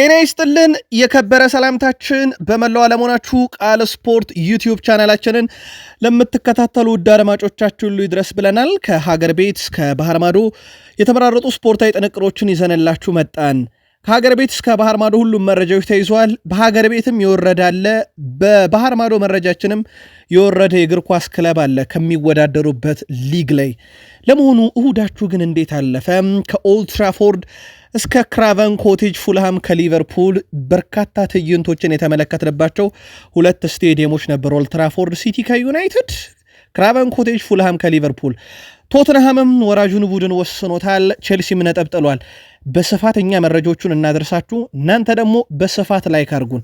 ጤና ይስጥልን የከበረ ሰላምታችን በመላው አለመሆናችሁ ቃል ስፖርት ዩቲዩብ ቻናላችንን ለምትከታተሉ ውድ አድማጮቻችን ሉ ይድረስ ብለናል። ከሀገር ቤት እስከ ባህር ማዶ የተመራረጡ ስፖርታዊ ጥንቅሮችን ይዘንላችሁ መጣን። ከሀገር ቤት እስከ ባህር ማዶ ሁሉም መረጃዎች ተይዘዋል። በሀገር ቤትም የወረደ አለ፣ በባህር ማዶ መረጃችንም የወረደ የእግር ኳስ ክለብ አለ ከሚወዳደሩበት ሊግ ላይ። ለመሆኑ እሁዳችሁ ግን እንዴት አለፈ? ከኦልትራፎርድ እስከ ክራቨን ኮቴጅ ፉልሃም ከሊቨርፑል በርካታ ትዕይንቶችን የተመለከትንባቸው ሁለት ስቴዲየሞች ነበሩ። ኦልትራፎርድ ሲቲ ከዩናይትድ፣ ክራቨን ኮቴጅ ፉልሃም ከሊቨርፑል። ቶትንሃምም ወራጁን ቡድን ወስኖታል። ቼልሲም ነጥብ ጥሏል። በስፋት እኛ መረጃዎቹን እናደርሳችሁ፣ እናንተ ደግሞ በስፋት ላይ ካርጉን።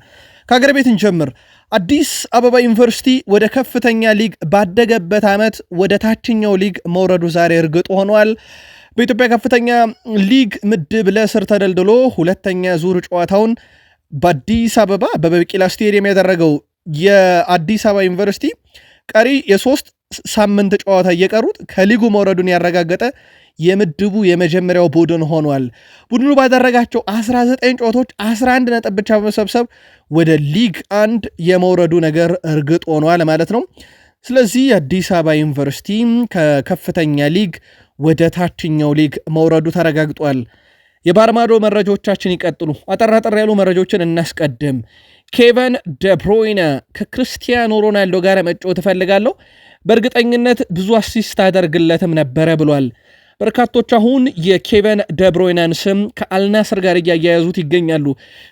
ከአገር ቤት እንጀምር። አዲስ አበባ ዩኒቨርሲቲ ወደ ከፍተኛ ሊግ ባደገበት ዓመት ወደ ታችኛው ሊግ መውረዱ ዛሬ እርግጥ ሆኗል። በኢትዮጵያ ከፍተኛ ሊግ ምድብ ለስር ተደልድሎ ሁለተኛ ዙር ጨዋታውን በአዲስ አበባ በቢቂላ ስቴዲየም ያደረገው የአዲስ አበባ ዩኒቨርሲቲ ቀሪ የሶስት ሳምንት ጨዋታ እየቀሩት ከሊጉ መውረዱን ያረጋገጠ የምድቡ የመጀመሪያው ቡድን ሆኗል። ቡድኑ ባደረጋቸው 19 ጨዋታዎች 11 ነጥብ ብቻ በመሰብሰብ ወደ ሊግ አንድ የመውረዱ ነገር እርግጥ ሆኗል ማለት ነው። ስለዚህ አዲስ አበባ ዩኒቨርሲቲ ከከፍተኛ ሊግ ወደ ታችኛው ሊግ መውረዱ ተረጋግጧል። የባርማዶ መረጃዎቻችን ይቀጥሉ። አጠር አጠር ያሉ መረጃዎችን እናስቀድም። ኬቨን ደብሮይነ ከክርስቲያኖ ሮናልዶ ጋር መጫወት እፈልጋለሁ፣ በእርግጠኝነት ብዙ አሲስት አደርግለትም ነበረ ብሏል። በርካቶች አሁን የኬቨን ደብሮይነን ስም ከአልናስር ጋር እያያያዙት ይገኛሉ።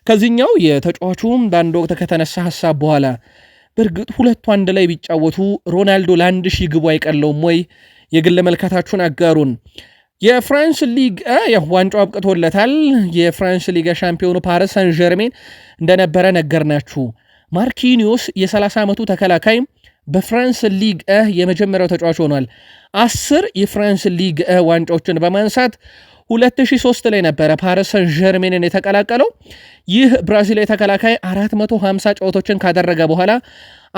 ከዚህኛው የተጫዋቹም በአንድ ወቅት ከተነሳ ሀሳብ በኋላ በእርግጥ ሁለቱ አንድ ላይ ቢጫወቱ ሮናልዶ ለአንድ ሺህ ግቡ አይቀለውም ወይ? የግል መልከታችሁን አጋሩን። የፍራንስ ሊግ ዋንጫው አብቅቶለታል። የፍራንስ ሊግ ሻምፒዮኑ ፓሪስ ሳን ዠርሜን እንደነበረ ነገርናችሁ። ማርኪኒዮስ የ30 ዓመቱ ተከላካይ በፍራንስ ሊግ የመጀመሪያው ተጫዋች ሆኗል። አስር የፍራንስ ሊግ ዋንጫዎችን በማንሳት 2003 ላይ ነበረ ፓሪስ ሰን ዠርሜንን የተቀላቀለው። ይህ ብራዚላዊ ተከላካይ 450 ጨዋታዎችን ካደረገ በኋላ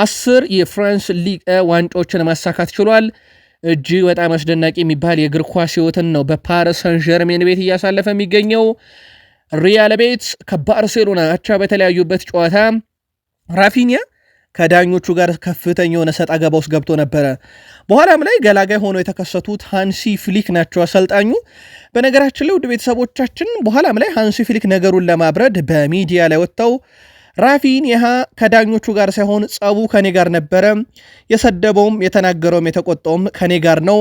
አስር የፍራንስ ሊግ ዋንጫዎችን ማሳካት ችሏል። እጅግ በጣም አስደናቂ የሚባል የእግር ኳስ ህይወትን ነው በፓሪስ ሰን ዠርሜን ቤት እያሳለፈ የሚገኘው። ሪያል ቤት ከባርሴሎና አቻ በተለያዩበት ጨዋታ ራፊኒያ ከዳኞቹ ጋር ከፍተኛ የሆነ ሰጥ ገባ ውስጥ ገብቶ ነበረ። በኋላም ላይ ገላጋይ ሆነው የተከሰቱት ሃንሲ ፍሊክ ናቸው አሰልጣኙ። በነገራችን ላይ ውድ ቤተሰቦቻችን በኋላም ላይ ሃንሲ ፍሊክ ነገሩን ለማብረድ በሚዲያ ላይ ወጥተው ራፊኒሃ ከዳኞቹ ጋር ሳይሆን ጸቡ ከኔ ጋር ነበረ፣ የሰደበውም የተናገረውም የተቆጣውም ከኔ ጋር ነው።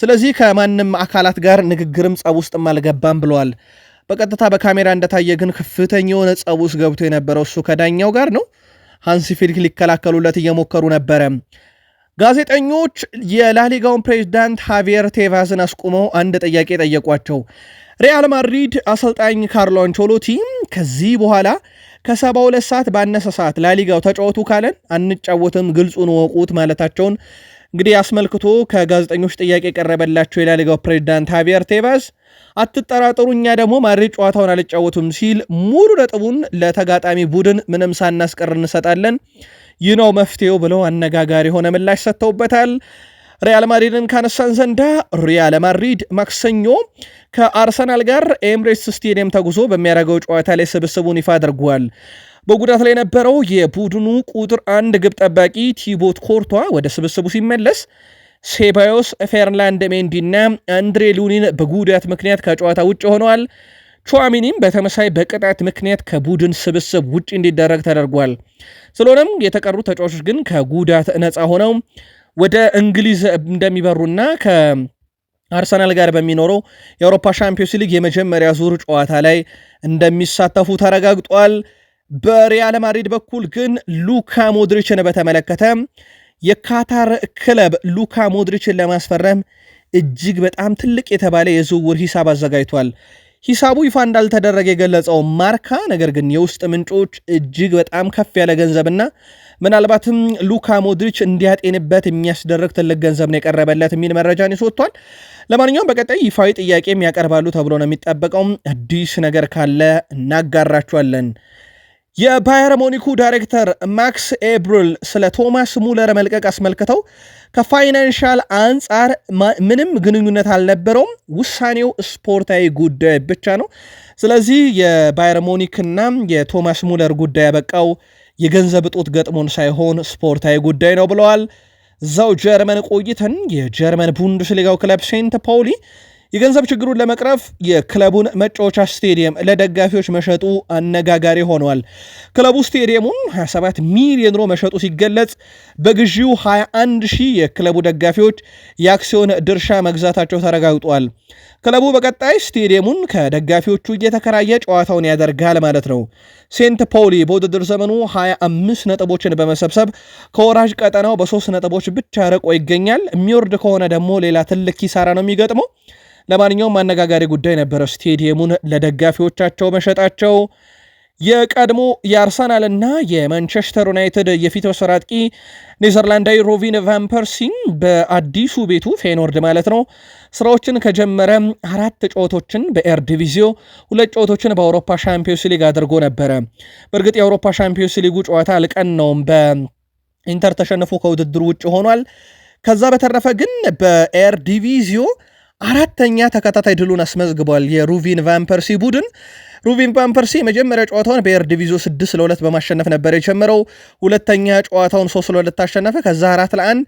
ስለዚህ ከማንም አካላት ጋር ንግግርም ጸቡ ውስጥም አልገባም ብለዋል። በቀጥታ በካሜራ እንደታየ ግን ከፍተኛ የሆነ ጸቡ ውስጥ ገብቶ የነበረው እሱ ከዳኛው ጋር ነው። ሃንሲ ፊሊክ ሊከላከሉለት እየሞከሩ ነበረ። ጋዜጠኞች የላሊጋውን ፕሬዚዳንት ሃቪየር ቴቫዝን አስቁመው አንድ ጥያቄ ጠየቋቸው። ሪያል ማድሪድ አሰልጣኝ ካርሎ አንቾሎቲ ከዚህ በኋላ ከሰባ ሁለት ሰዓት ባነሰ ሰዓት ላሊጋው ተጫወቱ ካለን አንጫወትም፣ ግልጹን ወቁት ማለታቸውን እንግዲህ አስመልክቶ ከጋዜጠኞች ጥያቄ የቀረበላቸው የላሊጋው ፕሬዚዳንት ሃቪየር ቴባስ አትጠራጠሩ፣ እኛ ደግሞ ማድሪድ ጨዋታውን አልጫወቱም ሲል ሙሉ ነጥቡን ለተጋጣሚ ቡድን ምንም ሳናስቀር እንሰጣለን፣ ይህ ነው መፍትሄው ብለው አነጋጋሪ የሆነ ምላሽ ሰጥተውበታል። ሪያል ማድሪድን ካነሳን ዘንዳ ሪያል ማድሪድ ማክሰኞ ከአርሰናል ጋር ኤምሬትስ ስቴዲየም ተጉዞ በሚያደርገው ጨዋታ ላይ ስብስቡን ይፋ አድርጓል። በጉዳት ላይ የነበረው የቡድኑ ቁጥር አንድ ግብ ጠባቂ ቲቦት ኮርቷ ወደ ስብስቡ ሲመለስ ሴባዮስ ፌርላንድ ሜንዲና አንድሬ ሉኒን በጉዳት ምክንያት ከጨዋታ ውጭ ሆነዋል። ቹዋሚኒም በተመሳይ በቅጣት ምክንያት ከቡድን ስብስብ ውጭ እንዲደረግ ተደርጓል። ስለሆነም የተቀሩ ተጫዋቾች ግን ከጉዳት ነፃ ሆነው ወደ እንግሊዝ እንደሚበሩና ከ አርሰናል ጋር በሚኖረው የአውሮፓ ሻምፒዮንስ ሊግ የመጀመሪያ ዙር ጨዋታ ላይ እንደሚሳተፉ ተረጋግጧል። በሪያል ማድሪድ በኩል ግን ሉካ ሞድሪችን በተመለከተ የካታር ክለብ ሉካ ሞድሪችን ለማስፈረም እጅግ በጣም ትልቅ የተባለ የዝውውር ሂሳብ አዘጋጅቷል። ሂሳቡ ይፋ እንዳልተደረገ የገለጸው ማርካ፣ ነገር ግን የውስጥ ምንጮች እጅግ በጣም ከፍ ያለ ገንዘብና ምናልባትም ሉካ ሞድሪች እንዲያጤንበት የሚያስደርግ ትልቅ ገንዘብ ነው የቀረበለት የሚል መረጃን ይስወጥቷል። ለማንኛውም በቀጣይ ይፋዊ ጥያቄም ያቀርባሉ ተብሎ ነው የሚጠበቀው። አዲስ ነገር ካለ እናጋራችኋለን። የባየር ሞኒኩ ዳይሬክተር ማክስ ኤብሩል ስለ ቶማስ ሙለር መልቀቅ አስመልክተው ከፋይናንሻል አንጻር ምንም ግንኙነት አልነበረውም፣ ውሳኔው ስፖርታዊ ጉዳይ ብቻ ነው። ስለዚህ የባየር ሞኒክና የቶማስ ሙለር ጉዳይ ያበቃው የገንዘብ እጦት ገጥሞን ሳይሆን ስፖርታዊ ጉዳይ ነው ብለዋል። እዛው ጀርመን ቆይተን የጀርመን ቡንድስሊጋው ክለብ ሴንት ፓውሊ የገንዘብ ችግሩን ለመቅረፍ የክለቡን መጫወቻ ስቴዲየም ለደጋፊዎች መሸጡ አነጋጋሪ ሆኗል። ክለቡ ስቴዲየሙን 27 ሚሊዮን ዩሮ መሸጡ ሲገለጽ በግዢው 21 ሺህ የክለቡ ደጋፊዎች የአክሲዮን ድርሻ መግዛታቸው ተረጋግጧል። ክለቡ በቀጣይ ስቴዲየሙን ከደጋፊዎቹ እየተከራየ ጨዋታውን ያደርጋል ማለት ነው። ሴንት ፖሊ በውድድር ዘመኑ 25 ነጥቦችን በመሰብሰብ ከወራጅ ቀጠናው በሶስት ነጥቦች ብቻ ርቆ ይገኛል። የሚወርድ ከሆነ ደግሞ ሌላ ትልቅ ኪሳራ ነው የሚገጥመው። ለማንኛውም አነጋጋሪ ጉዳይ ነበረ ስቴዲየሙን ለደጋፊዎቻቸው መሸጣቸው። የቀድሞ የአርሰናልና የማንቸስተር ዩናይትድ የፊት መስመር አጥቂ ኔዘርላንዳዊ ሮቪን ቫምፐርሲን በአዲሱ ቤቱ ፌኖርድ ማለት ነው ስራዎችን ከጀመረ አራት ጨዋታዎችን በኤር ዲቪዚዮ ሁለት ጨዋታዎችን በአውሮፓ ሻምፒዮንስ ሊግ አድርጎ ነበረ። በእርግጥ የአውሮፓ ሻምፒዮንስ ሊጉ ጨዋታ ነውም በኢንተር ተሸንፎ ከውድድሩ ውጭ ሆኗል። ከዛ በተረፈ ግን በኤር ዲቪዚዮ አራተኛ ተከታታይ ድሉን አስመዝግቧል። የሩቪን ቫምፐርሲ ቡድን ሩቪን ቫምፐርሲ መጀመሪያ ጨዋታውን በኤር ዲቪዞ 6 ለ2 በማሸነፍ ነበር የጀመረው። ሁለተኛ ጨዋታውን 3 ለ2 ታሸነፈ። ከዛ አራት ለአንድ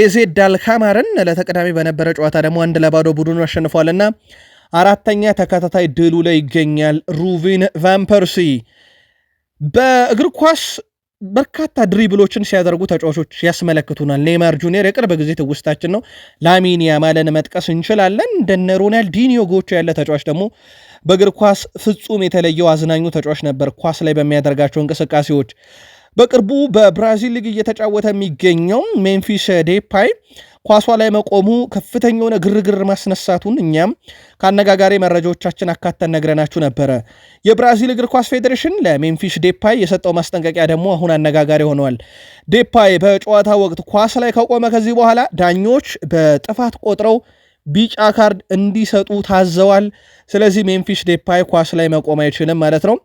1 ኤዜ ዳልካማርን ለተቀዳሚ በነበረ ጨዋታ ደግሞ አንድ ለባዶ ቡድኑ አሸንፏልና አራተኛ ተከታታይ ድሉ ላይ ይገኛል ሩቪን ቫምፐርሲ። በእግር ኳስ በርካታ ድሪብሎችን ሲያደርጉ ተጫዋቾች ያስመለክቱናል። ኔይማር ጁኒየር የቅርብ ጊዜ ትውስታችን ነው። ላሚን ያማልን መጥቀስ እንችላለን። እንደነ ሮናልዲኒዮ ጎቾ ያለ ተጫዋች ደግሞ በእግር ኳስ ፍጹም የተለየው አዝናኙ ተጫዋች ነበር፣ ኳስ ላይ በሚያደርጋቸው እንቅስቃሴዎች። በቅርቡ በብራዚል ሊግ እየተጫወተ የሚገኘው ሜምፊስ ዴፓይ ኳሷ ላይ መቆሙ ከፍተኛ የሆነ ግርግር ማስነሳቱን እኛም ከአነጋጋሪ መረጃዎቻችን አካተን ነግረናችሁ ነበረ። የብራዚል እግር ኳስ ፌዴሬሽን ለሜምፊስ ዴፓይ የሰጠው ማስጠንቀቂያ ደግሞ አሁን አነጋጋሪ ሆነዋል። ዴፓይ በጨዋታ ወቅት ኳስ ላይ ከቆመ ከዚህ በኋላ ዳኞች በጥፋት ቆጥረው ቢጫ ካርድ እንዲሰጡ ታዘዋል። ስለዚህ ሜምፊስ ዴፓይ ኳስ ላይ መቆም አይችልም ማለት ነው።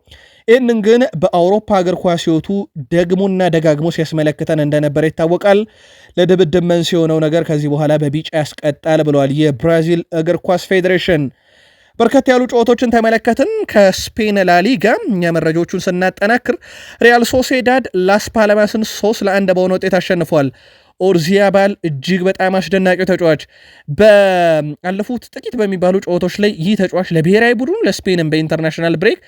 ይህንን ግን በአውሮፓ እግር ኳስ ሕይወቱ ደግሞና ደጋግሞ ሲያስመለክተን እንደነበረ ይታወቃል። ለድብድብ መንስኤ የሆነው ነገር ከዚህ በኋላ በቢጫ ያስቀጣል ብለዋል የብራዚል እግር ኳስ ፌዴሬሽን። በርከት ያሉ ጨዋታዎችን ተመለከትን። ከስፔን ላሊጋ እኛ መረጃዎቹን ስናጠናክር ሪያል ሶሴዳድ ላስ ፓለማስን ሶስት ለአንድ በሆነ ውጤት አሸንፏል። ባል እጅግ በጣም አስደናቂ ተጫዋች በአለፉት ጥቂት በሚባሉ ጨዋታዎች ላይ ይህ ተጫዋች ለብሔራዊ ቡድኑ ለስፔንም በኢንተርናሽናል ብሬክ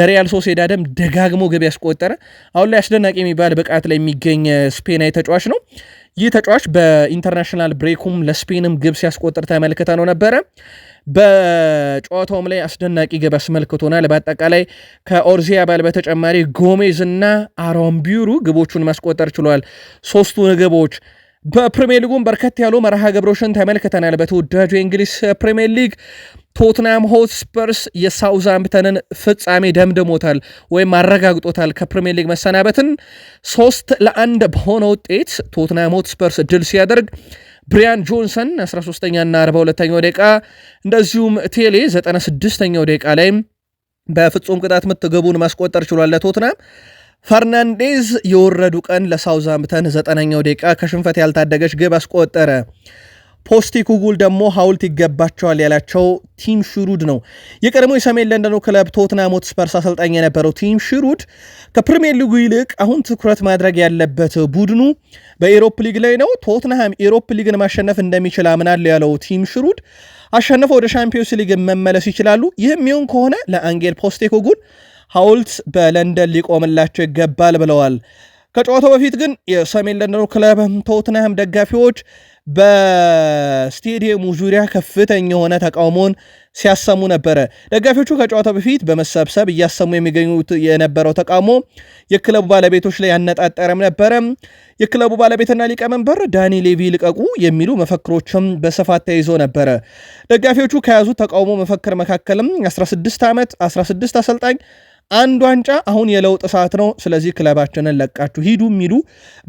ለሪያል ሶሴዳደም ደጋግሞ ግብ ያስቆጠረ አሁን ላይ አስደናቂ የሚባል ብቃት ላይ የሚገኝ ስፔናዊ ተጫዋች ነው። ይህ ተጫዋች በኢንተርናሽናል ብሬኩም ለስፔንም ግብ ሲያስቆጥር ተመልክተ ነው ነበረ። በጨዋታውም ላይ አስደናቂ ግብ አስመልክቶናል። በአጠቃላይ ከኦርዚያ ባል በተጨማሪ ጎሜዝ እና አሮምቢሩ ግቦቹን ማስቆጠር ችሏል። ሶስቱን ግቦች በፕሪሚየር ሊጉም በርከት ያሉ መርሃ ግብሮችን ተመልክተናል። በተወዳጁ የእንግሊዝ ፕሪሚየር ሊግ ቶትናም ሆትስፐርስ የሳውዛምተንን ፍጻሜ ደምድሞታል ወይም አረጋግጦታል። ከፕሪሚየር ሊግ መሰናበትን ሶስት ለአንድ በሆነ ውጤት ቶትናም ሆትስፐርስ ድል ሲያደርግ ብሪያን ጆንሰን 13ኛና 42ኛው ደቂቃ እንደዚሁም ቴሌ 96ኛው ደቂቃ ላይ በፍጹም ቅጣት ምት ግቡን ማስቆጠር ችሏል ለቶትናም። ፈርናንዴዝ የወረዱ ቀን ለሳውዛምፕተን ዘጠነኛው ደቂቃ ከሽንፈት ያልታደገች ግብ አስቆጠረ። ፖስቴኮግሉ ደግሞ ሐውልት ይገባቸዋል ያላቸው ቲም ሽሩድ ነው። የቀድሞ የሰሜን ለንደኑ ክለብ ቶትናም ሆትስፐርስ አሰልጣኝ የነበረው ቲም ሽሩድ ከፕሪሚየር ሊጉ ይልቅ አሁን ትኩረት ማድረግ ያለበት ቡድኑ በኤሮፕ ሊግ ላይ ነው፣ ቶትናሃም ኤሮፕ ሊግን ማሸነፍ እንደሚችል አምናለሁ ያለው ቲም ሽሩድ አሸንፈው ወደ ሻምፒዮንስ ሊግ መመለስ ይችላሉ። ይህም ይሁን ከሆነ ለአንጌል ፖስቴኮግሉ ሐውልት በለንደን ሊቆምላቸው ይገባል ብለዋል። ከጨዋታው በፊት ግን የሰሜን ለንደኑ ክለብ ቶትናሃም ደጋፊዎች በስቴዲየሙ ዙሪያ ከፍተኛ የሆነ ተቃውሞን ሲያሰሙ ነበረ። ደጋፊዎቹ ከጨዋታው በፊት በመሰብሰብ እያሰሙ የሚገኙት የነበረው ተቃውሞ የክለቡ ባለቤቶች ላይ ያነጣጠረም ነበረ። የክለቡ ባለቤትና ሊቀመንበር ዳኒ ሌቪ ልቀቁ የሚሉ መፈክሮችም በስፋት ተይዞ ነበረ። ደጋፊዎቹ ከያዙት ተቃውሞ መፈክር መካከልም 16 ዓመት 16 አሰልጣኝ አንድ ዋንጫ አሁን የለውጥ ሰዓት ነው፣ ስለዚህ ክለባችንን ለቃችሁ ሂዱ የሚሉ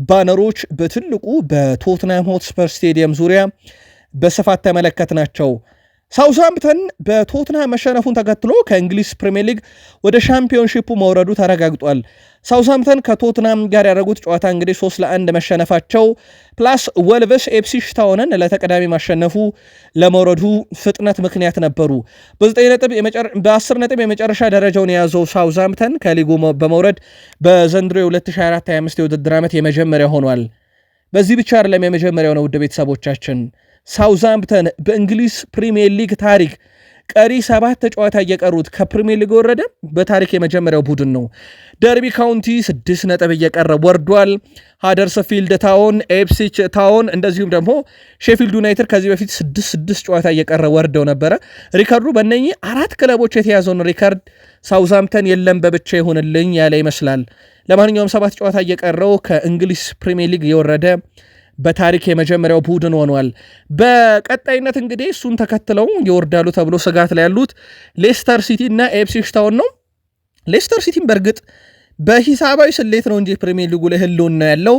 ባነሮች በትልቁ በቶትናም ሆትስፐር ስቴዲየም ዙሪያ በስፋት ተመለከትናቸው። ሳውስሃምፕተን በቶትንሃም መሸነፉን ተከትሎ ከእንግሊዝ ፕሪምየር ሊግ ወደ ሻምፒዮንሺፑ መውረዱ ተረጋግጧል። ሳውስሃምፕተን ከቶትናም ጋር ያደረጉት ጨዋታ እንግዲህ ሶስት ለአንድ መሸነፋቸው ፕላስ ወልቨስ ኤፕሲ ሽታውንን ለተቀዳሚ ማሸነፉ ለመውረዱ ፍጥነት ምክንያት ነበሩ። በ10 ነጥብ የመጨረሻ ደረጃውን የያዘው ሳውዝሃምፕተን ከሊጉ በመውረድ በዘንድሮ የ2024/25 የውድድር ዓመት የመጀመሪያ ሆኗል። በዚህ ብቻ አይደለም የመጀመሪያው ነው። ውድ ቤተሰቦቻችን ሳውዛምፕተን በእንግሊዝ ፕሪምየር ሊግ ታሪክ ቀሪ ሰባት ተጫዋታ እየቀሩት ከፕሪምየር ሊግ ወረደ በታሪክ የመጀመሪያው ቡድን ነው። ደርቢ ካውንቲ ስድስት ነጥብ እየቀረ ወርዷል። ሃደርስፊልድ ታውን፣ ኤፕሲች ታውን እንደዚሁም ደግሞ ሼፊልድ ዩናይትድ ከዚህ በፊት ስድስት ስድስት ጨዋታ እየቀረ ወርደው ነበረ። ሪከርዱ በእነኚህ አራት ክለቦች የተያዘውን ሪከርድ ሳውዛምተን የለም በብቻ ይሁንልኝ ያለ ይመስላል። ለማንኛውም ሰባት ጨዋታ እየቀረው ከእንግሊዝ ፕሪምየር ሊግ የወረደ በታሪክ የመጀመሪያው ቡድን ሆኗል። በቀጣይነት እንግዲህ እሱን ተከትለው ይወርዳሉ ተብሎ ስጋት ላይ ያሉት ሌስተር ሲቲ እና ኤፕሲ ሽታውን ነው። ሌስተር ሲቲም በእርግጥ በሂሳባዊ ስሌት ነው እንጂ ፕሪሚየር ሊጉ ላይ ህልውና ያለው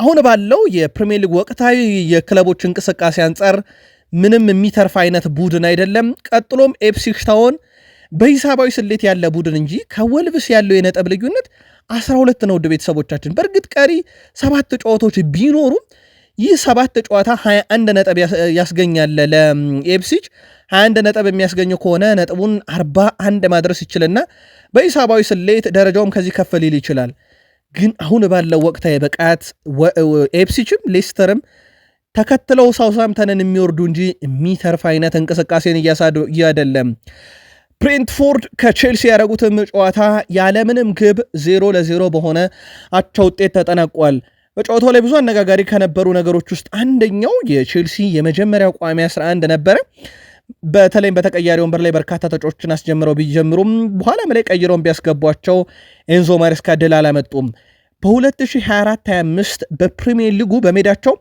አሁን ባለው የፕሪሚየር ሊግ ወቅታዊ የክለቦች እንቅስቃሴ አንጻር ምንም የሚተርፍ አይነት ቡድን አይደለም። ቀጥሎም ኤፕሲ ሽታውን በሂሳባዊ ስሌት ያለ ቡድን እንጂ ከወልብስ ያለው የነጥብ ልዩነት 12 ነው። ውድ ቤተሰቦቻችን በእርግጥ ቀሪ ሰባት ጨዋታዎች ቢኖሩም ይህ ሰባት ጨዋታ 21 ነጥብ ያስገኛል። ለኤፕሲች 21 ነጥብ የሚያስገኘው ከሆነ ነጥቡን 41 ማድረስ ይችልና በሂሳባዊ ስሌት ደረጃውም ከዚህ ከፍ ሊል ይችላል። ግን አሁን ባለው ወቅታዊ ብቃት ኤፕሲችም ሌስተርም ተከትለው ሳውሳምተንን የሚወርዱ እንጂ የሚተርፍ አይነት እንቅስቃሴን ያደለም። ብሬንትፎርድ ከቼልሲ ያደረጉትም ጨዋታ ያለምንም ግብ ዜሮ ለዜሮ በሆነ አቻ ውጤት ተጠናቋል። በጨዋታው ላይ ብዙ አነጋጋሪ ከነበሩ ነገሮች ውስጥ አንደኛው የቼልሲ የመጀመሪያው ቋሚ 11 ነበረ። በተለይም በተቀያሪ ወንበር ላይ በርካታ ተጫዎችን አስጀምረው ቢጀምሩም በኋላም ላይ ቀይረውን ቢያስገቧቸው ኤንዞ ማሬስካ ድል አላመጡም። በ2024/25 በፕሪሚየር ሊጉ በሜዳቸው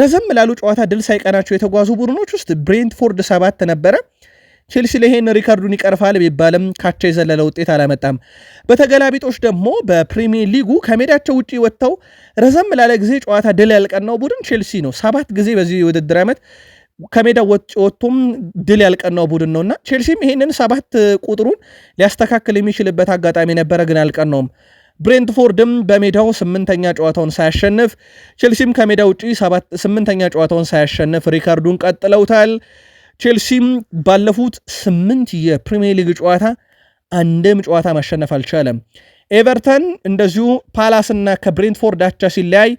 ረዘም ላሉ ጨዋታ ድል ሳይቀናቸው የተጓዙ ቡድኖች ውስጥ ብሬንትፎርድ ሰባት ነበረ። ቼልሲ ለይሄን ሪካርዱን ይቀርፋል ቢባልም ካቻ የዘለለ ውጤት አላመጣም። በተገላቢጦች ደግሞ በፕሪሚየር ሊጉ ከሜዳቸው ውጪ ወጥተው ረዘም ላለ ጊዜ ጨዋታ ድል ያልቀናው ቡድን ቼልሲ ነው። ሰባት ጊዜ በዚህ የውድድር ዓመት ከሜዳ ወጥቶም ድል ያልቀናው ቡድን ነውና ቼልሲም ይሄንን ሰባት ቁጥሩን ሊያስተካክል የሚችልበት አጋጣሚ ነበረ፣ ግን አልቀናውም። ብሬንትፎርድም በሜዳው ስምንተኛ ጨዋታውን ሳያሸንፍ ቼልሲም ከሜዳ ውጪ ስምንተኛ ጨዋታውን ሳያሸንፍ ሪካርዱን ቀጥለውታል። ቼልሲም ባለፉት ስምንት የፕሪሚየር ሊግ ጨዋታ አንድም ጨዋታ ማሸነፍ አልቻለም። ኤቨርተን እንደዚሁ ፓላስና ከብሬንትፎርድ አቻ ሲለያይ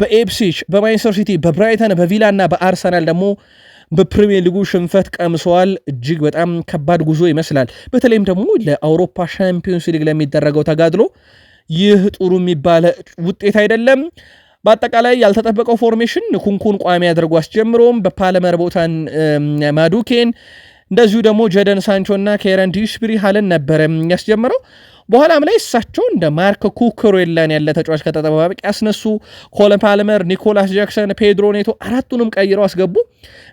በኤፕሲች በማንችስተር ሲቲ በብራይተን በቪላ እና በአርሰናል ደግሞ በፕሪሚየር ሊጉ ሽንፈት ቀምሰዋል። እጅግ በጣም ከባድ ጉዞ ይመስላል። በተለይም ደግሞ ለአውሮፓ ሻምፒዮንስ ሊግ ለሚደረገው ተጋድሎ ይህ ጥሩ የሚባለ ውጤት አይደለም። በአጠቃላይ ያልተጠበቀው ፎርሜሽን ኩንኩን ቋሚ አድርጎ አስጀምሮም በፓለመር ቦታን ማዱኬን እንደዚሁ ደግሞ ጀደን ሳንቾ እና ኬረን ዲሽብሪ ሀለን ነበረ ያስጀምረው። በኋላም ላይ እሳቸው እንደ ማርክ ኩክሬላን ያለ ተጫዋች ከተጠባበቅ ያስነሱ። ኮለን ፓልመር፣ ኒኮላስ ጃክሰን፣ ፔድሮ ኔቶ አራቱንም ቀይረው አስገቡ።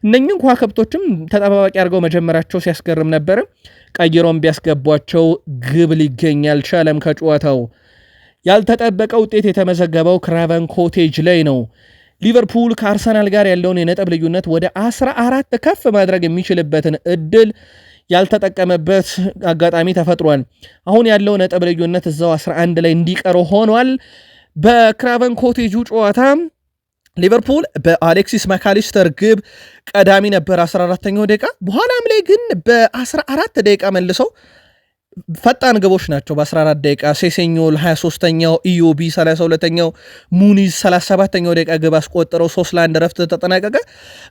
እነኝን ከዋክብቶችም ተጠባባቂ አድርገው መጀመራቸው ሲያስገርም ነበር። ቀይረውም ቢያስገቧቸው ግብ ሊገኝ አልቻለም ከጨዋታው ያልተጠበቀ ውጤት የተመዘገበው ክራቨን ኮቴጅ ላይ ነው። ሊቨርፑል ከአርሰናል ጋር ያለውን የነጥብ ልዩነት ወደ 14 ከፍ ማድረግ የሚችልበትን እድል ያልተጠቀመበት አጋጣሚ ተፈጥሯል። አሁን ያለው ነጥብ ልዩነት እዛው 11 ላይ እንዲቀረው ሆኗል። በክራቨን ኮቴጁ ጨዋታ ሊቨርፑል በአሌክሲስ ማካሊስተር ግብ ቀዳሚ ነበር 14ተኛው ደቂቃ። በኋላም ላይ ግን በ14 ደቂቃ መልሰው ፈጣን ግቦች ናቸው። በ14 ደቂቃ ሴሴኞል 23ኛው፣ ኢዮቢ 32ኛው፣ ሙኒዝ 37ኛው ደቂቃ ግብ አስቆጥረው 3 ለ1 ረፍት ተጠናቀቀ።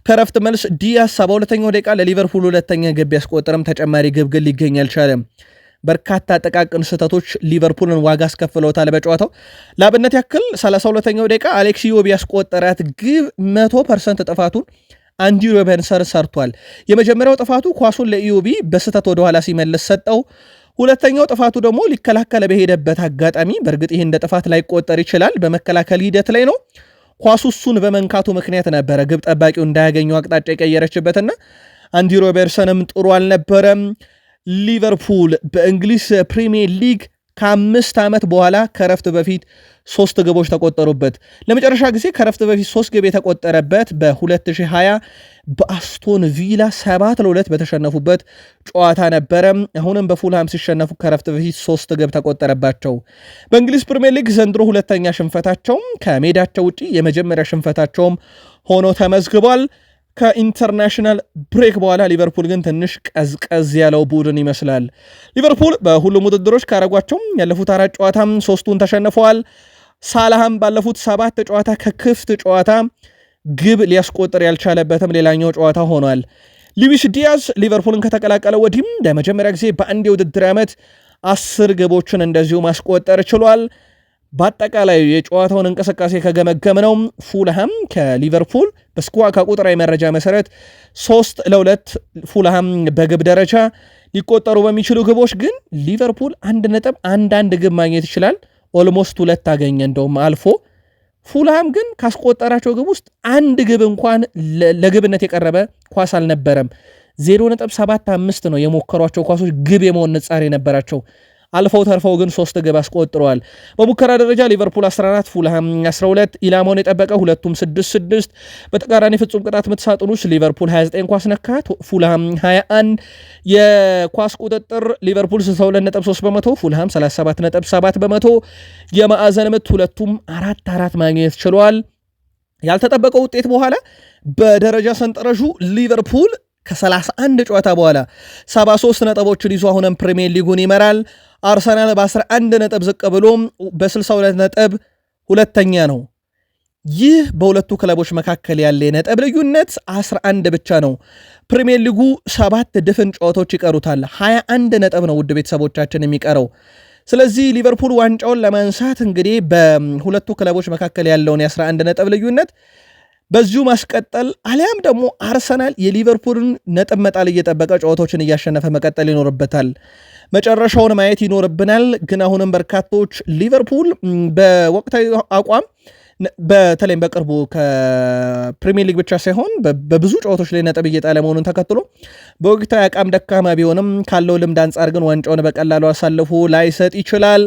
ከረፍት መልስ ዲያስ 72ኛው ደቂቃ ለሊቨርፑል ሁለተኛ ግብ ያስቆጥረም ተጨማሪ ግብ ግን ሊገኝ አልቻለም። በርካታ ጥቃቅን ስህተቶች ሊቨርፑልን ዋጋ አስከፍለውታል በጨዋታው። ለአብነት ያክል 32ኛው ደቂቃ አሌክስ ኢዮቢ ያስቆጠራት ግብ 100 ፐርሰንት ጥፋቱን አንዲ ሮቤንሰር ሰርቷል። የመጀመሪያው ጥፋቱ ኳሱን ለኢዮቢ በስህተት ወደኋላ ሲመልስ ሰጠው። ሁለተኛው ጥፋቱ ደግሞ ሊከላከል በሄደበት አጋጣሚ፣ በእርግጥ ይህ እንደ ጥፋት ላይቆጠር ይችላል፣ በመከላከል ሂደት ላይ ነው። ኳሱ እሱን በመንካቱ ምክንያት ነበረ ግብ ጠባቂው እንዳያገኘው አቅጣጫ የቀየረችበትና አንዲ ሮበርሰንም ጥሩ አልነበረም። ሊቨርፑል በእንግሊዝ ፕሪሚየር ሊግ ከአምስት ዓመት በኋላ ከረፍት በፊት ሶስት ግቦች ተቆጠሩበት። ለመጨረሻ ጊዜ ከረፍት በፊት ሶስት ግብ የተቆጠረበት በ2020 በአስቶን ቪላ 7 ለሁለት በተሸነፉበት ጨዋታ ነበረ። አሁንም በፉልሃም ሲሸነፉ ከረፍት በፊት ሶስት ግብ ተቆጠረባቸው። በእንግሊዝ ፕሪምየር ሊግ ዘንድሮ ሁለተኛ ሽንፈታቸውም ከሜዳቸው ውጪ የመጀመሪያ ሽንፈታቸውም ሆኖ ተመዝግቧል። ከኢንተርናሽናል ብሬክ በኋላ ሊቨርፑል ግን ትንሽ ቀዝቀዝ ያለው ቡድን ይመስላል። ሊቨርፑል በሁሉም ውድድሮች ካረጓቸው ያለፉት አራት ጨዋታም ሶስቱን ተሸንፈዋል። ሳላህም ባለፉት ሰባት ጨዋታ ከክፍት ጨዋታ ግብ ሊያስቆጥር ያልቻለበትም ሌላኛው ጨዋታ ሆኗል። ሉዊስ ዲያዝ ሊቨርፑልን ከተቀላቀለ ወዲህም ለመጀመሪያ ጊዜ በአንድ የውድድር ዓመት አስር ግቦችን እንደዚሁ ማስቆጠር ችሏል። በአጠቃላይ የጨዋታውን እንቅስቃሴ ከገመገም ነው ፉልሃም ከሊቨርፑል በስኳ ቁጥራዊ መረጃ መሰረት ሶስት ለሁለት ፉልሃም በግብ ደረጃ ሊቆጠሩ በሚችሉ ግቦች ግን ሊቨርፑል አንድ ነጥብ አንዳንድ ግብ ማግኘት ይችላል። ኦልሞስት ሁለት አገኘ እንደውም አልፎ። ፉልሃም ግን ካስቆጠራቸው ግብ ውስጥ አንድ ግብ እንኳን ለግብነት የቀረበ ኳስ አልነበረም። 0.75 ነው የሞከሯቸው ኳሶች ግብ የመሆን ንጻሬ ነበራቸው። አልፈው ተርፈው ግን ሶስት ግብ አስቆጥረዋል። በሙከራ ደረጃ ሊቨርፑል 14 ፉልሃም 12 ኢላማውን የጠበቀ ሁለቱም 6 6 በተቃራኒ ፍጹም ቅጣት ምት ሳጥን ውስጥ ሊቨርፑል 29 ኳስ ነካት፣ ፉልሃም 21 የኳስ ቁጥጥር ሊቨርፑል 62.3 በመቶ ፉልሃም 37.7 በመቶ የማዕዘን ምት ሁለቱም አራት አራት ማግኘት ችሏል። ያልተጠበቀው ውጤት በኋላ በደረጃ ሰንጠረዡ ሊቨርፑል ከ31 ጨዋታ በኋላ 73 ነጥቦችን ይዞ አሁንም ፕሪሚየር ሊጉን ይመራል። አርሰናል በ11 ነጥብ ዝቅ ብሎ በ62 ነጥብ ሁለተኛ ነው። ይህ በሁለቱ ክለቦች መካከል ያለ የነጥብ ልዩነት 11 ብቻ ነው። ፕሪሚየር ሊጉ ሰባት ድፍን ጨዋታዎች ይቀሩታል። 21 ነጥብ ነው ውድ ቤተሰቦቻችን የሚቀረው። ስለዚህ ሊቨርፑል ዋንጫውን ለማንሳት እንግዲህ በሁለቱ ክለቦች መካከል ያለውን የ11 ነጥብ ልዩነት በዚሁ ማስቀጠል አሊያም ደግሞ አርሰናል የሊቨርፑልን ነጥብ መጣል እየጠበቀ ጨዋታዎችን እያሸነፈ መቀጠል ይኖርበታል። መጨረሻውን ማየት ይኖርብናል። ግን አሁንም በርካቶች ሊቨርፑል በወቅታዊ አቋም በተለይም በቅርቡ ከፕሪሚየር ሊግ ብቻ ሳይሆን በብዙ ጨዋታዎች ላይ ነጥብ እየጣለ መሆኑን ተከትሎ በወቅታዊ አቋም ደካማ ቢሆንም ካለው ልምድ አንጻር ግን ዋንጫውን በቀላሉ አሳልፎ ላይሰጥ ይችላል።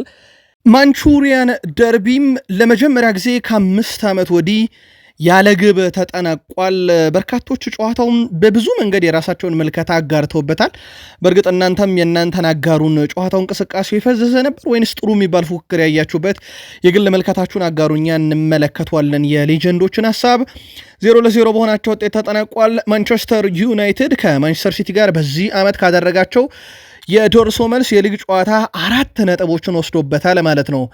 ማንቹሪያን ደርቢም ለመጀመሪያ ጊዜ ከአምስት ዓመት ወዲህ ያለ ግብ ተጠናቋል። በርካቶቹ ጨዋታውን በብዙ መንገድ የራሳቸውን ምልከታ አጋርተውበታል። በእርግጥ እናንተም የእናንተን አጋሩን። ጨዋታው እንቅስቃሴ የፈዘዘ ነበር ወይንስ ጥሩ የሚባል ፉክክር ያያችሁበት? የግል ምልከታችሁን አጋሩኛ፣ እንመለከቷለን የሌጀንዶችን ሀሳብ። ዜሮ ለዜሮ በሆናቸው ውጤት ተጠናቋል። ማንቸስተር ዩናይትድ ከማንቸስተር ሲቲ ጋር በዚህ ዓመት ካደረጋቸው የዶርሶ መልስ የሊግ ጨዋታ አራት ነጥቦችን ወስዶበታል ማለት ነው።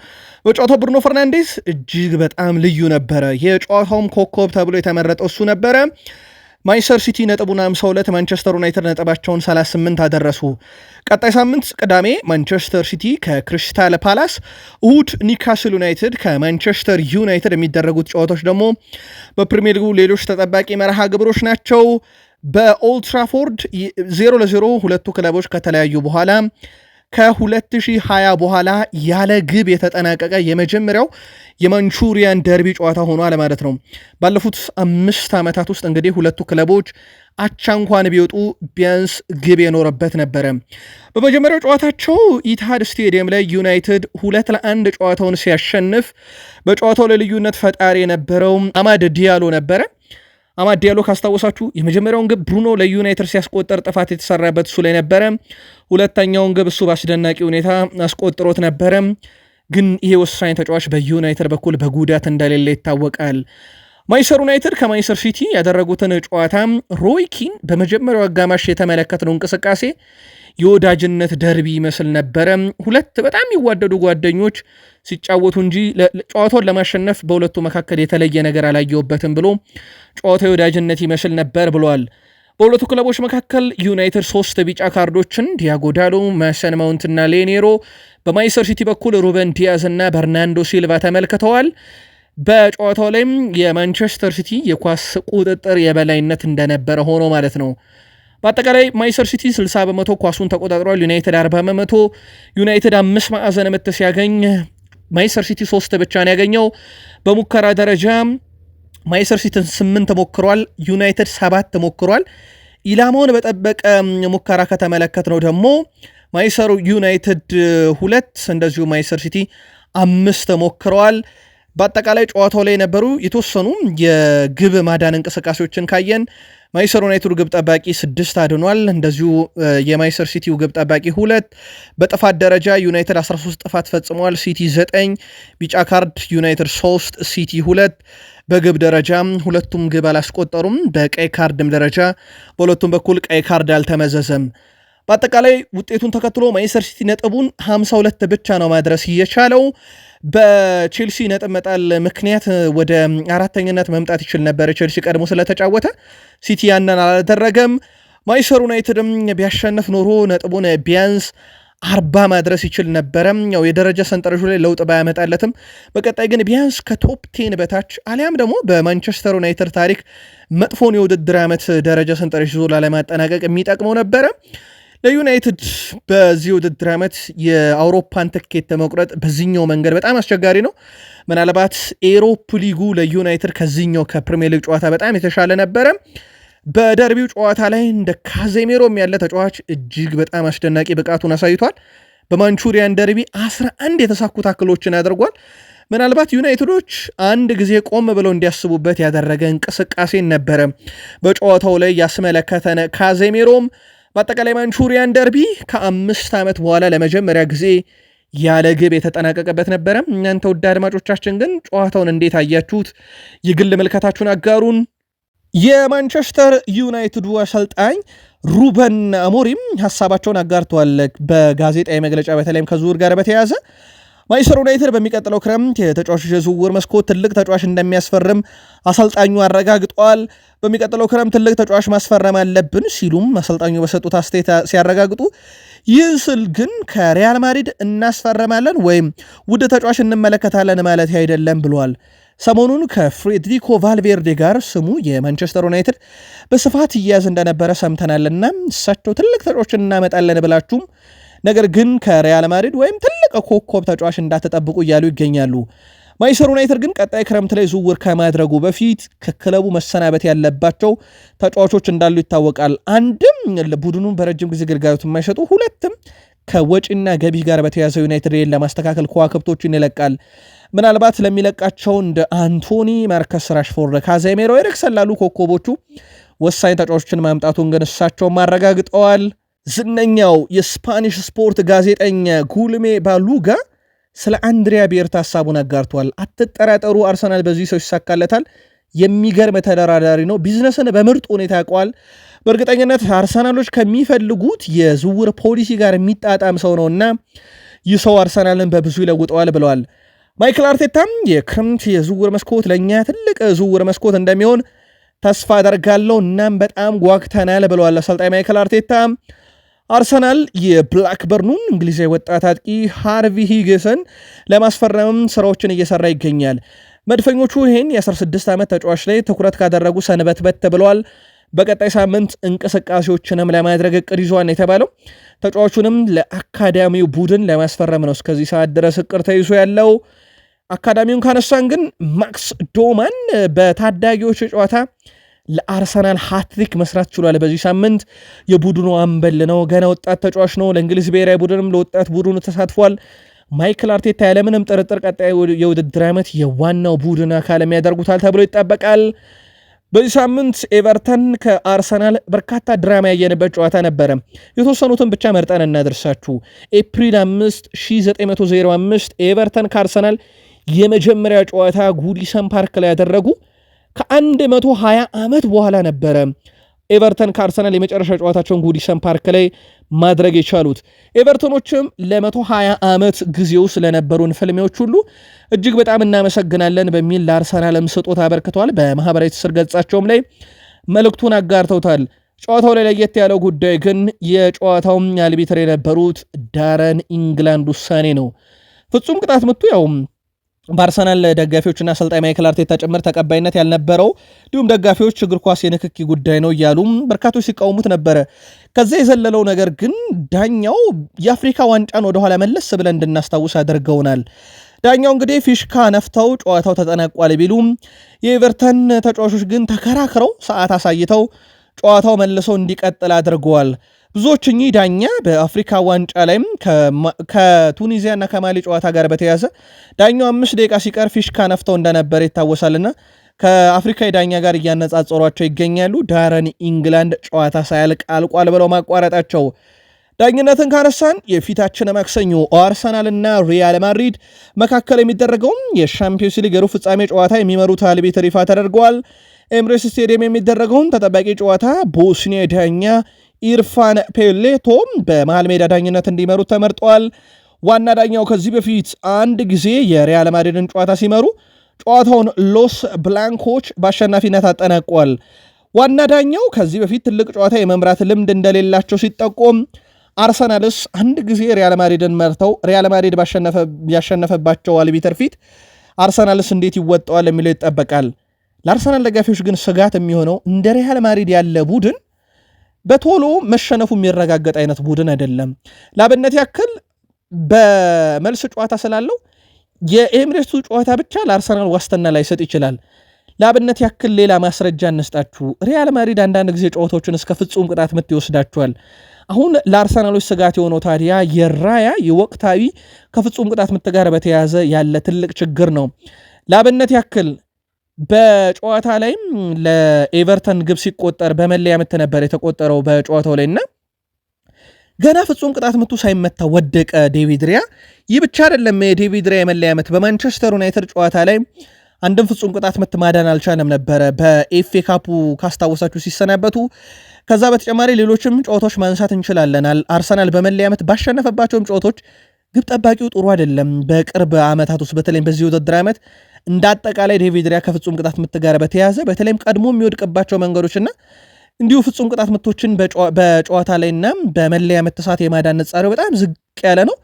በጨዋታው ብሩኖ ፈርናንዴስ እጅግ በጣም ልዩ ነበረ። የጨዋታውም ኮከብ ተብሎ የተመረጠው እሱ ነበረ። ማንቸስተር ሲቲ ነጥቡን 52 ማንቸስተር ዩናይትድ ነጥባቸውን 38 አደረሱ። ቀጣይ ሳምንት ቅዳሜ ማንቸስተር ሲቲ ከክሪስታል ፓላስ፣ እሁድ ኒካስል ዩናይትድ ከማንቸስተር ዩናይትድ የሚደረጉት ጨዋታዎች ደግሞ በፕሪሚየር ሊጉ ሌሎች ተጠባቂ መርሃ ግብሮች ናቸው። በኦልትራፎርድ 0 ለ0 ሁለቱ ክለቦች ከተለያዩ በኋላ ከ2020 በኋላ ያለ ግብ የተጠናቀቀ የመጀመሪያው የማንቹሪያን ደርቢ ጨዋታ ሆኗል ማለት ነው። ባለፉት አምስት ዓመታት ውስጥ እንግዲህ ሁለቱ ክለቦች አቻ እንኳን ቢወጡ ቢያንስ ግብ የኖረበት ነበረ። በመጀመሪያው ጨዋታቸው ኢትሃድ ስቴዲየም ላይ ዩናይትድ ሁለት ለአንድ ጨዋታውን ሲያሸንፍ በጨዋታው ለልዩነት ፈጣሪ የነበረው አማድ ዲያሎ ነበረ። አማድ ዲያሎ ካስታወሳችሁ የመጀመሪያውን ግብ ብሩኖ ለዩናይትድ ሲያስቆጠር ጥፋት የተሰራበት እሱ ላይ ነበረ። ሁለተኛውን ግብ እሱ በአስደናቂ ሁኔታ አስቆጥሮት ነበረ። ግን ይሄ ወሳኝ ተጫዋች በዩናይትድ በኩል በጉዳት እንደሌለ ይታወቃል። ማንቸስተር ዩናይትድ ከማንቸስተር ሲቲ ያደረጉትን ጨዋታ ሮይ ኪን በመጀመሪያው አጋማሽ የተመለከትነው እንቅስቃሴ የወዳጅነት ደርቢ ይመስል ነበረ። ሁለት በጣም የሚዋደዱ ጓደኞች ሲጫወቱ እንጂ ጨዋታውን ለማሸነፍ በሁለቱ መካከል የተለየ ነገር አላየውበትም ብሎ ጨዋታ የወዳጅነት ይመስል ነበር ብሏል። በሁለቱ ክለቦች መካከል ዩናይትድ ሶስት ቢጫ ካርዶችን ዲያጎ ዳሎ፣ መሰን ማውንትና ሌኔሮ በማንቸስተር ሲቲ በኩል ሩበን ዲያዝ እና በርናንዶ ሲልቫ ተመልክተዋል። በጨዋታው ላይም የማንቸስተር ሲቲ የኳስ ቁጥጥር የበላይነት እንደነበረ ሆኖ ማለት ነው። በአጠቃላይ ማይሰር ሲቲ 60 በመቶ ኳሱን ተቆጣጥሯል። ዩናይትድ 40 በመቶ። ዩናይትድ አምስት ማዕዘን ምት ሲያገኝ ማይሰር ሲቲ ሶስት ብቻ ነው ያገኘው። በሙከራ ደረጃ ማይሰር ሲቲ ስምንት ሞክሯል፣ ዩናይትድ ሰባት ሞክሯል። ኢላማውን በጠበቀ ሙከራ ከተመለከት ነው ደግሞ ማይሰር ዩናይትድ ሁለት እንደዚሁ ማይሰር ሲቲ አምስት ሞክረዋል። በአጠቃላይ ጨዋታው ላይ የነበሩ የተወሰኑ የግብ ማዳን እንቅስቃሴዎችን ካየን ማይሰር ዩናይትድ ግብ ጠባቂ ስድስት አድኗል። እንደዚሁ የማይሰር ሲቲው ግብ ጠባቂ ሁለት። በጥፋት ደረጃ ዩናይትድ 13 ጥፋት ፈጽመዋል፣ ሲቲ 9። ቢጫ ካርድ ዩናይትድ 3 ሲቲ 2 በግብ ደረጃ ሁለቱም ግብ አላስቆጠሩም። በቀይ ካርድም ደረጃ በሁለቱም በኩል ቀይ ካርድ አልተመዘዘም። በአጠቃላይ ውጤቱን ተከትሎ ማይሰር ሲቲ ነጥቡን 52 ብቻ ነው ማድረስ እየቻለው። በቼልሲ ነጥብ መጣል ምክንያት ወደ አራተኝነት መምጣት ይችል ነበር። ቼልሲ ቀድሞ ስለተጫወተ ሲቲ ያንን አላደረገም። ማንችስተር ዩናይትድም ቢያሸንፍ ኖሮ ነጥቡን ቢያንስ አርባ ማድረስ ይችል ነበረም። ያው የደረጃ ሰንጠረዡ ላይ ለውጥ ባያመጣለትም በቀጣይ ግን ቢያንስ ከቶፕ ቴን በታች አሊያም ደግሞ በማንቸስተር ዩናይትድ ታሪክ መጥፎን የውድድር ዓመት ደረጃ ሰንጠረዥ ዞላ ለማጠናቀቅ የሚጠቅመው ነበረ። ለዩናይትድ በዚህ ውድድር ዓመት የአውሮፓን ትኬት ለመቁረጥ በዚኛው መንገድ በጣም አስቸጋሪ ነው። ምናልባት ኤሮፕ ሊጉ ለዩናይትድ ከዚኛው ከፕሪሚየር ሊግ ጨዋታ በጣም የተሻለ ነበረ። በደርቢው ጨዋታ ላይ እንደ ካዜሜሮም ያለ ተጫዋች እጅግ በጣም አስደናቂ ብቃቱን አሳይቷል። በማንቹሪያን ደርቢ 11 የተሳኩ ታክሎችን አድርጓል። ምናልባት ዩናይትዶች አንድ ጊዜ ቆም ብለው እንዲያስቡበት ያደረገ እንቅስቃሴን ነበረ በጨዋታው ላይ ያስመለከተነ ካዜሜሮም በአጠቃላይ ማንቹሪያን ደርቢ ከአምስት ዓመት በኋላ ለመጀመሪያ ጊዜ ያለ ግብ የተጠናቀቀበት ነበረ። እናንተ ውድ አድማጮቻችን ግን ጨዋታውን እንዴት አያችሁት? የግል ምልከታችሁን አጋሩን። የማንቸስተር ዩናይትዱ አሰልጣኝ ሩበን አሞሪም ሀሳባቸውን አጋርተዋል በጋዜጣዊ መግለጫ በተለይም ከዙር ጋር በተያያዘ ማንቸስተር ዩናይትድ በሚቀጥለው ክረምት የተጫዋቾች የዝውውር መስኮት ትልቅ ተጫዋች እንደሚያስፈርም አሰልጣኙ አረጋግጧል። በሚቀጥለው ክረምት ትልቅ ተጫዋች ማስፈረም አለብን ሲሉም አሰልጣኙ በሰጡት አስተያየት ሲያረጋግጡ፣ ይህ ስል ግን ከሪያል ማድሪድ እናስፈረማለን ወይም ውድ ተጫዋች እንመለከታለን ማለት አይደለም ብሏል። ሰሞኑን ከፍሬድሪኮ ቫልቬርዴ ጋር ስሙ የማንቸስተር ዩናይትድ በስፋት እያያዝ እንደነበረ ሰምተናልና እሳቸው ትልቅ ተጫዋች እናመጣለን ብላችሁም ነገር ግን ከሪያል ማድሪድ ወይም ትልቅ ኮከብ ተጫዋች እንዳትጠብቁ እያሉ ይገኛሉ። ማንቸስተር ዩናይትድ ግን ቀጣይ ክረምት ላይ ዝውውር ከማድረጉ በፊት ከክለቡ መሰናበት ያለባቸው ተጫዋቾች እንዳሉ ይታወቃል። አንድም ቡድኑን በረጅም ጊዜ ግልጋሎት የማይሰጡ ሁለትም ከወጪና ገቢ ጋር በተያዘ ዩናይትድ ለማስተካከል ከዋክብቶችን ይለቃል። ምናልባት ለሚለቃቸው እንደ አንቶኒ፣ ማርከስ ራሽፎርድ፣ ካዜሜሮ፣ ኤሪክሰን ላሉ ኮከቦቹ ወሳኝ ተጫዋቾችን ማምጣቱን ግን እሳቸውም አረጋግጠዋል። ዝነኛው የስፓኒሽ ስፖርት ጋዜጠኛ ጉልሜ ባሉጋ ስለ አንድሪያ ቤርታ ሀሳቡን አጋርቷል። አትጠራጠሩ፣ አርሰናል በዚህ ሰው ይሳካለታል። የሚገርም ተደራዳሪ ነው። ቢዝነስን በምርጥ ሁኔታ ያውቀዋል። በእርግጠኝነት አርሰናሎች ከሚፈልጉት የዝውውር ፖሊሲ ጋር የሚጣጣም ሰው ነውና ይህ ሰው አርሰናልን በብዙ ይለውጠዋል ብለዋል። ማይክል አርቴታም የክረምት የዝውውር መስኮት ለእኛ ትልቅ ዝውውር መስኮት እንደሚሆን ተስፋ አደርጋለሁ፣ እናም በጣም ጓግተናል ብለዋል አሰልጣኝ ማይክል አርቴታ። አርሰናል የብላክበርኑን እንግሊዛዊ ወጣት አጥቂ ሃርቪ ሂግስን ለማስፈረምም ስራዎችን እየሰራ ይገኛል። መድፈኞቹ ይህን የ16 ዓመት ተጫዋች ላይ ትኩረት ካደረጉ ሰንበት በት ብለዋል። በቀጣይ ሳምንት እንቅስቃሴዎችንም ለማድረግ እቅድ ይዟን የተባለው ተጫዋቹንም ለአካዳሚው ቡድን ለማስፈረም ነው። እስከዚህ ሰዓት ድረስ እቅድ ተይዞ ያለው አካዳሚውን ካነሳን ግን ማክስ ዶማን በታዳጊዎች ጨዋታ ለአርሰናል ሃትሪክ መስራት ችሏል። በዚህ ሳምንት የቡድኑ አምበል ነው። ገና ወጣት ተጫዋች ነው። ለእንግሊዝ ብሔራዊ ቡድንም ለወጣት ቡድኑ ተሳትፏል። ማይክል አርቴታ ያለምንም ጥርጥር ቀጣይ የውድድር ዓመት የዋናው ቡድን አካል የሚያደርጉታል ተብሎ ይጠበቃል። በዚህ ሳምንት ኤቨርተን ከአርሰናል በርካታ ድራማ ያየንበት ጨዋታ ነበረ። የተወሰኑትን ብቻ መርጠን እናደርሳችሁ። ኤፕሪል 5 1905 ኤቨርተን ከአርሰናል የመጀመሪያ ጨዋታ ጉዲሰን ፓርክ ላይ ያደረጉ ከ120 ዓመት በኋላ ነበረ ኤቨርተን ከአርሰናል የመጨረሻ ጨዋታቸውን ጉዲሰን ፓርክ ላይ ማድረግ የቻሉት። ኤቨርተኖችም ለ120 ዓመት ጊዜው ስለነበሩን ፍልሚያዎች ሁሉ እጅግ በጣም እናመሰግናለን በሚል ለአርሰናልም ስጦታ አበርክተዋል። በማህበራዊ ትስስር ገጻቸውም ላይ መልእክቱን አጋርተውታል። ጨዋታው ላይ ለየት ያለው ጉዳይ ግን የጨዋታውም አልቢትር የነበሩት ዳረን ኢንግላንድ ውሳኔ ነው። ፍጹም ቅጣት ምቱ ያውም በአርሰናል ደጋፊዎችና አሰልጣኝ ማይክል አርቴታ ጭምር ተቀባይነት ያልነበረው እንዲሁም ደጋፊዎች እግር ኳስ የንክኪ ጉዳይ ነው እያሉ በርካቶች ሲቃወሙት ነበረ። ከዚያ የዘለለው ነገር ግን ዳኛው የአፍሪካ ዋንጫን ወደኋላ መለስ ብለን እንድናስታውስ አድርገውናል። ዳኛው እንግዲህ ፊሽካ ነፍተው ጨዋታው ተጠናቋል ቢሉም የኤቨርተን ተጫዋቾች ግን ተከራክረው ሰዓት አሳይተው ጨዋታው መልሶ እንዲቀጥል አድርገዋል። ብዙዎች እኚህ ዳኛ በአፍሪካ ዋንጫ ላይም ከቱኒዚያና ከማሊ ጨዋታ ጋር በተያያዘ ዳኛው አምስት ደቂቃ ሲቀር ፊሽካ ነፍተው እንደነበረ ይታወሳልና ከአፍሪካ የዳኛ ጋር እያነጻጸሯቸው ይገኛሉ። ዳረን ኢንግላንድ ጨዋታ ሳያልቅ አልቋል ብለው ማቋረጣቸው ዳኝነትን ካነሳን የፊታችን ማክሰኞ አርሰናልና ሪያል ማድሪድ መካከል የሚደረገውም የሻምፒዮንስ ሊግ ፍጻሜ ጨዋታ የሚመሩት አልቤት ሪፋ ተደርገዋል። ኤምሬስ ስቴዲየም የሚደረገውን ተጠባቂ ጨዋታ ቦስኒያ ዳኛ ኢርፋን ፔሌቶም በመሃል ሜዳ ዳኝነት እንዲመሩ ተመርጠዋል። ዋና ዳኛው ከዚህ በፊት አንድ ጊዜ የሪያል ማድሪድን ጨዋታ ሲመሩ ጨዋታውን ሎስ ብላንኮች በአሸናፊነት አጠናቋል። ዋና ዳኛው ከዚህ በፊት ትልቅ ጨዋታ የመምራት ልምድ እንደሌላቸው ሲጠቆም፣ አርሰናልስ አንድ ጊዜ ሪያል ማድሪድን መርተው ሪያል ማድሪድ ያሸነፈባቸው አልቢተር ፊት አርሰናልስ እንዴት ይወጣዋል የሚለው ይጠበቃል። ለአርሰናል ደጋፊዎች ግን ስጋት የሚሆነው እንደ ሪያል ማድሪድ ያለ ቡድን በቶሎ መሸነፉ የሚረጋገጥ አይነት ቡድን አይደለም። ላብነት ያክል በመልስ ጨዋታ ስላለው የኤምሬቱ ጨዋታ ብቻ ለአርሰናል ዋስትና ላይሰጥ ይችላል። ላብነት ያክል ሌላ ማስረጃ እንስጣችሁ። ሪያል ማድሪድ አንዳንድ ጊዜ ጨዋታዎችን እስከ ፍጹም ቅጣት ምት ይወስዳቸዋል። አሁን ለአርሰናሎች ስጋት የሆነው ታዲያ የራያ የወቅታዊ ከፍጹም ቅጣት ምት ጋር በተያያዘ ያለ ትልቅ ችግር ነው። ለአብነት ያክል በጨዋታ ላይም ለኤቨርተን ግብ ሲቆጠር በመለያ ምት ነበር የተቆጠረው በጨዋታው ላይ እና ገና ፍጹም ቅጣት ምቱ ሳይመታ ወደቀ ዴቪድ ሪያ። ይህ ብቻ አይደለም የዴቪድ ሪያ የመለያ ምት በማንቸስተር ዩናይትድ ጨዋታ ላይ አንድም ፍጹም ቅጣት ምት ማዳን አልቻለም ነበረ በኤፌ ካፑ ካስታወሳችሁ ሲሰናበቱ። ከዛ በተጨማሪ ሌሎችም ጨዋታዎች ማንሳት እንችላለን። አርሰናል በመለያ ምት ባሸነፈባቸውም ጨዋታዎች ግብ ጠባቂው ጥሩ አይደለም። በቅርብ ዓመታት ውስጥ በተለይም በዚህ ውድድር ዓመት እንደ አጠቃላይ ዴቪድ ሪያ ከፍጹም ቅጣት ምት ጋር በተያያዘ በተለይም ቀድሞ የሚወድቅባቸው መንገዶችና እንዲሁ ፍጹም ቅጣት ምቶችን በጨዋታ ላይና በመለያ መተሳት የማዳን ነጻሪው በጣም ዝቅ ያለ ነው።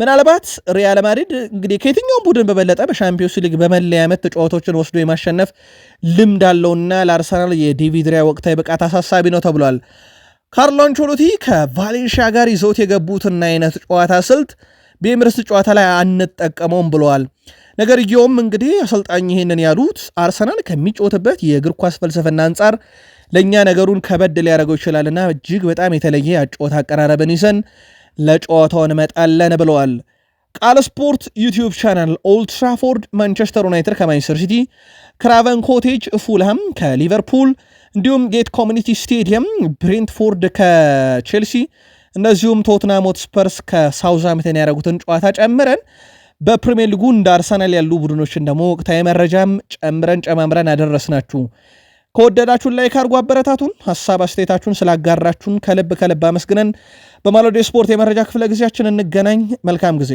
ምናልባት ሪያል ማድሪድ እንግዲህ ከየትኛውም ቡድን በበለጠ በሻምፒዮንስ ሊግ በመለያ ምት ጨዋታዎችን ወስዶ የማሸነፍ ልምድ አለውና ለአርሰናል የዴቪድ ሪያ ወቅታዊ ብቃት አሳሳቢ ነው ተብሏል። ካርሎ አንቾሎቲ ከቫሌንሺያ ጋር ይዘውት የገቡትን አይነት ጨዋታ ስልት በኤምሬትስ ጨዋታ ላይ አንጠቀመውም ብለዋል። ነገርየውም እንግዲህ አሰልጣኝ ይሄንን ያሉት አርሰናል ከሚጫወትበት የእግር ኳስ ፍልስፍና አንጻር ለእኛ ነገሩን ከበድ ሊያደርገው ይችላልና እጅግ በጣም የተለየ አጨዋወት አቀራረብን ይዘን ለጨዋታው እንመጣለን ብለዋል። ቃል ስፖርት ዩቲዩብ ቻናል ኦልድ ትራፎርድ ማንቸስተር ዩናይትድ ከማንቸስተር ሲቲ፣ ክራቨን ኮቴጅ ፉልሃም ከሊቨርፑል እንዲሁም ጌት ኮሚኒቲ ስቴዲየም ብሬንትፎርድ ከቼልሲ እንደዚሁም ቶትናም ሆትስፐርስ ከሳውዛምተን ያደረጉትን ጨዋታ ጨምረን በፕሪሚየር ሊጉ እንደ አርሰናል ያሉ ቡድኖችን ደግሞ ወቅታዊ መረጃም ጨምረን ጨማምረን አደረስናችሁ። ከወደዳችሁን ላይክ አድርጉ፣ አበረታቱን። ሀሳብ አስተያየታችሁን ስላጋራችሁን ከልብ ከልብ አመስግነን በማለዳ ስፖርት የመረጃ ክፍለ ጊዜያችን እንገናኝ። መልካም ጊዜ